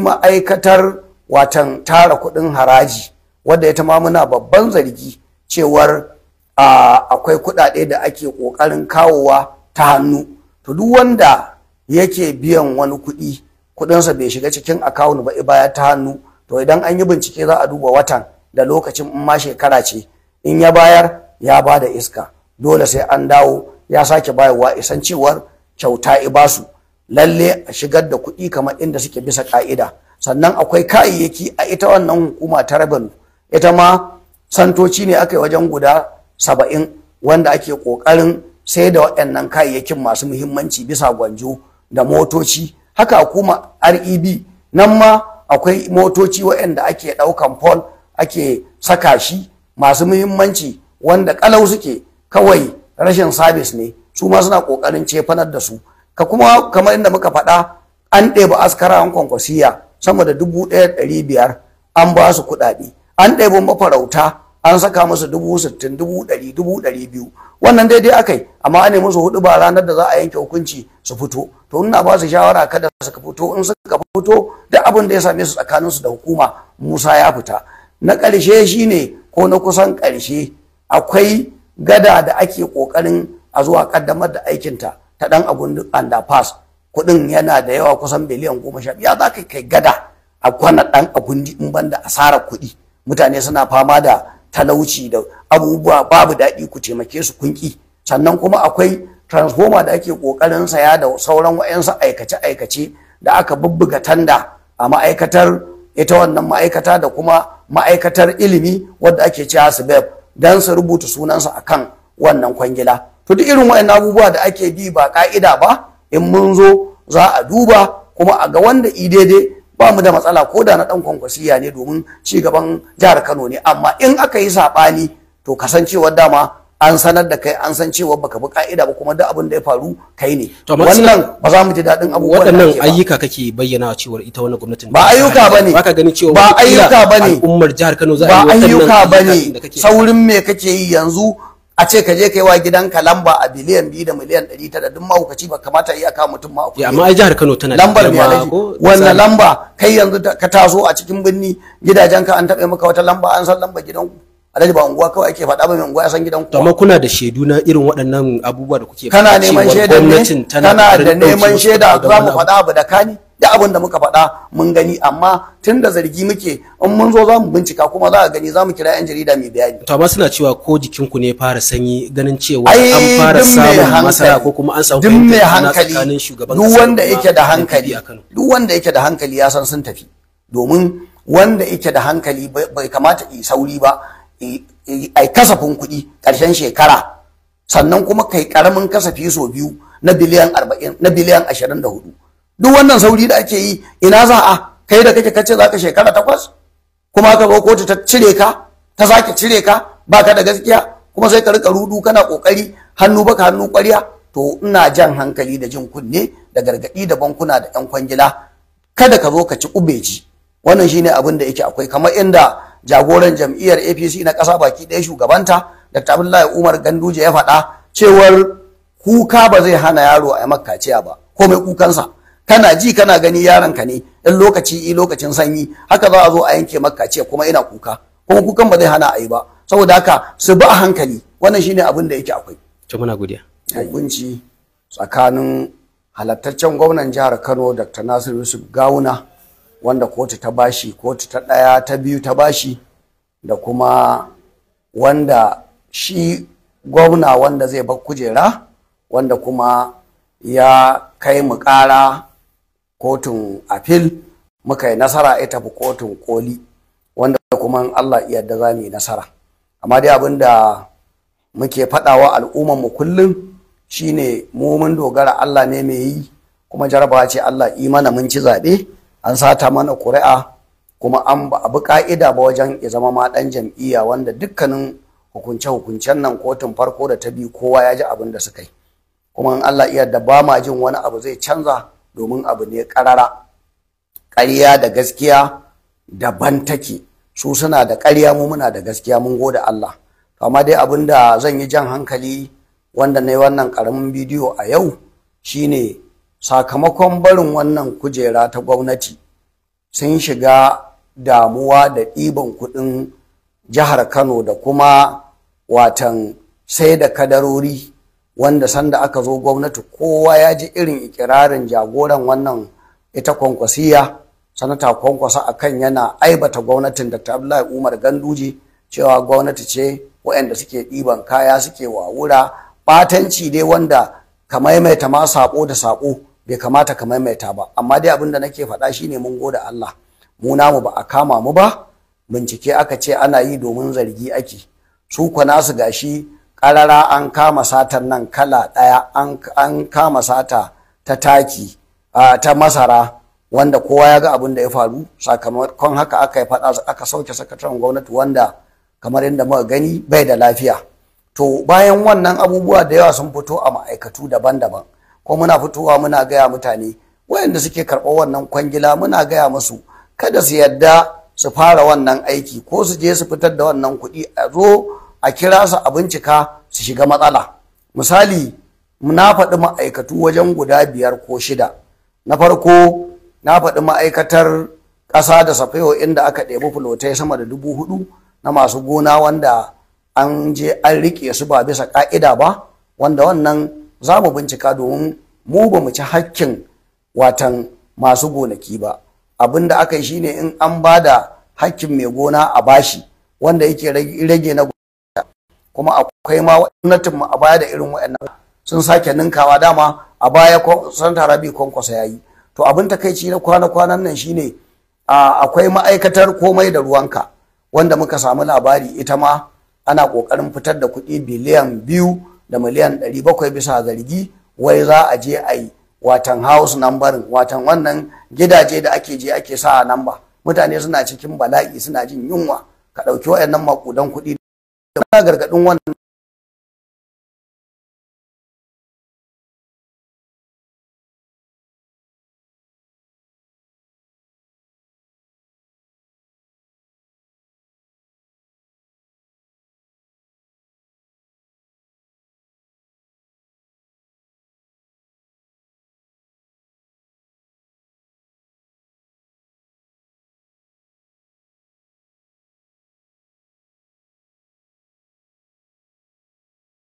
ma'aikatar watan tara kudin haraji wadda ya tama muna babban zargi cewar akwai kuɗaɗe da ake ƙoƙarin kawowa ta hannu to duk wanda yake biyan wani kuɗi kuɗinsa bai shiga cikin akawun ba baya ta hannu to idan an yi bincike za a duba watan da lokacin in ma shekara ce in ya bayar ya ba da iska dole sai an dawo ya sake bayarwa isan cewar kyauta ibasu lalle a shigar da kuɗi kamar inda suke bisa ƙa'ida, sannan akwai kayayyaki a ita wannan hukuma ta rabin ita ma santoci ne aka yi wajen guda saba'in wanda ake ƙoƙarin sai da waɗannan kayayyakin masu muhimmanci bisa gwanjo da motoci haka hukuma reb nan ma akwai motoci waɗanda ake ɗaukan fol ake saka shi masu muhimmanci wanda ƙalau suke kawai rashin sabis ne su ma suna ƙoƙarin cefanar da su ka kuma kamar inda muka faɗa an ɗebi askara an kwankwasiya sama da dubu ɗaya ɗari biyar an ba su kuɗaɗe an ɗebi mafarauta an saka musu dubu sittin dubu ɗari dubu ɗari biyu wannan daidai akai. amma an nemi su hudu ba ranar da za a yanke hukunci su fito to ina ba su shawara kada suka fito in suka fito duk abin da ya same su tsakanin su da hukuma Musa ya fita na ƙarshe shine ko na kusan ƙarshe akwai gada da ake ƙoƙarin a zuwa ƙaddamar da aikinta ta dan agundu underpass kuɗin yana da yawa kusan biliyan goma sha ya za ka kai gada a kwana dan agundi in banda asara kuɗi mutane suna fama da talauci da abubuwa babu daɗi ku taimake su kunki sannan kuma akwai transformer da ake kokarin saya da sauran wayansu aikace aikace da aka bubbuga tanda a ma'aikatar ita wannan ma'aikata da kuma ma'aikatar ilimi wadda ake cewa su don su rubuta sunansa akan wannan kwangila to duk irin wa'annan abubuwa da ake bi ba ka'ida ba in mun zo za a duba kuma a ga wanda i daidai ba mu da matsala ko da na dan kwankwasiya ne domin ci gaban jihar Kano ne amma in aka yi sabani to kasancewar dama an sanar da kai an san cewa baka bi ka'ida ba kuma duk abin da ya faru kai ne wannan ba za mu ji daɗin ba. waɗannan ayyuka kake bayyana cewar ita wannan gwamnatin ba ayyuka bane baka gani cewa ba ayyuka bane al'ummar jihar Kano za a yi ba ayyuka bane saurin me kake yi yanzu a ce ka je kai wa gidanka lamba a biliyan biyu da miliyan ɗari tara duk mahaukaci ba kamata iya kawo mutum ma kuɗi. amma ai jihar Kano tana lambar mai alaji wannan lamba kai yanzu ka taso a cikin birni ka an taɓa maka wata lamba an san lamba gidanku alhaji ba unguwa kawai ake faɗa ba mai unguwa ya san gidan kuma. amma kuna da shaidu na irin waɗannan abubuwa da kuke kana neman shaida ne kana da neman shaida za mu faɗa abu da kani da abin da muka faɗa mun gani amma tun da zargi muke in mun zo za mu bincika kuma za a gani za mu kira 'yan jarida mai bayani. To amma suna cewa ko jikinku ne fara sanyi ganin cewa an fara samun masara ko kuma an samu fahimtar hankali tsakanin shugaban duk wanda yake da hankali duk wanda yake da hankali ya san sun tafi domin wanda yake da hankali bai kamata yi sauri ba ai kasafin kuɗi ƙarshen shekara sannan kuma kai ƙaramin kasafi sau biyu na biliyan 40 na biliyan 24 duk wannan sauri da ake yi ina za a kai da kake kace ka shekara takwas kuma ka zo kotu ta cire ka ta zaki cire ka baka da gaskiya kuma sai ka rika rudu kana kokari hannu baka hannu ƙwarya to ina jan hankali da jin kunne da gargadi da bankuna da yan kwangila kada ka zo ka ci ubeji wannan shine abin da yake akwai kamar inda jagoran jam'iyyar APC na ƙasa baki ɗaya shugabanta Dr. Abdullahi Umar Ganduje ya faɗa cewar kuka ba zai hana yaro a makkaciya ba komai kukansa kana ji kana gani yaron ka ne in lokaci i lokacin sanyi haka za a zo a yanke maka ce kuma ina kuka kuma kukan ba zai hana a yi ba saboda haka su bi a hankali wannan shine abin da yake akwai to muna godiya hukunci tsakanin halattaccen gwamnan jihar Kano Dr. Nasir Yusuf Gawuna wanda kotu ta bashi kotu ta ɗaya ta biyu ta bashi da kuma wanda shi gwamna wanda zai bar kujera wanda kuma ya kai mu ƙara kotun afil muka yi nasara ita fi kotun koli wanda kuma Allah yarda zamu yi nasara amma dai abin da muke faɗawa al'umman mu kullum shine mu mun dogara Allah ne mai yi kuma jarabawa ce Allah mana mun ci zaɓe an sata mana ƙuri'a kuma an ba abu ka'ida ba wajen ya zama ma ɗan jam'iyya wanda dukkanin hukunce-hukuncen nan kotun farko da ta biyu kowa ya ji abin da suka yi kuma in Allah iya da ba ma jin wani abu zai canza domin abu ne karara ƙarya da gaskiya daban take su suna da ƙarya mu muna da gaskiya mun gode Allah amma dai abin da zan yi jan hankali wanda na yi wannan ƙaramin bidiyo a yau shine sakamakon barin wannan kujera ta gwamnati sun shiga damuwa da ɗiban kuɗin jihar kano da kuma watan sai da kadarori wanda sanda aka zo gwamnati kowa ya ji irin ikirarin jagoran wannan ita kwankwasiya sanata kwankwasa a kan yana aibata gwamnatin da abdullahi umar ganduji cewa gwamnati ce waɗanda suke ɗiban kaya suke wawura batanci dai wanda ka maimaita ma saƙo da saƙo bai kamata ka maimaita ba amma dai abinda da nake faɗa shine mun goda Allah mu namu ba a kama mu ba bincike aka ce ana yi domin zargi ake su kwana su gashi ƙarara an kama satan nan kala ɗaya an kama sata ta taki ta masara wanda kowa ya ga abin da ya faru sakamakon haka aka yi faɗa aka sauke sakataren gwamnati wanda kamar yadda muka gani bai da lafiya to bayan wannan abubuwa da yawa sun fito a ma'aikatu daban-daban ko muna fitowa muna gaya mutane wayanda suke karɓar wannan kwangila muna gaya musu kada su yadda su fara wannan aiki ko su je su fitar da wannan kuɗi a zo a kira su a bincika su shiga matsala misali na faɗi ma'aikatu wajen guda biyar ko shida na farko na faɗi ma'aikatar ƙasa da safayo inda aka ɗebi fulotai sama da dubu hudu na masu gona wanda an je an riƙe su ba bisa ƙa'ida ba wanda wannan za mu bincika domin mu ba mu ci hakkin watan masu gonaki ba abin da aka yi shine in an ba da hakkin mai gona a bashi wanda yake rage na kuma akwai ma gwamnatin mu a baya da irin waɗannan sun sake ninkawa dama a baya san tarabi kwankwasa yayi to abin takaici na kwana-kwanan nan shine akwai ma'aikatar komai da ruwanka wanda muka samu labari ita ma ana kokarin fitar da kuɗi biliyan biyu da miliyan ɗari bakwai bisa zargi wai za a je a yi watan house number? watan wannan gidaje da ake je ake sa namba mutane suna cikin bala'i suna jin yunwa ka ɗauki wayannan maƙudan kuɗi Ana gargadin wannan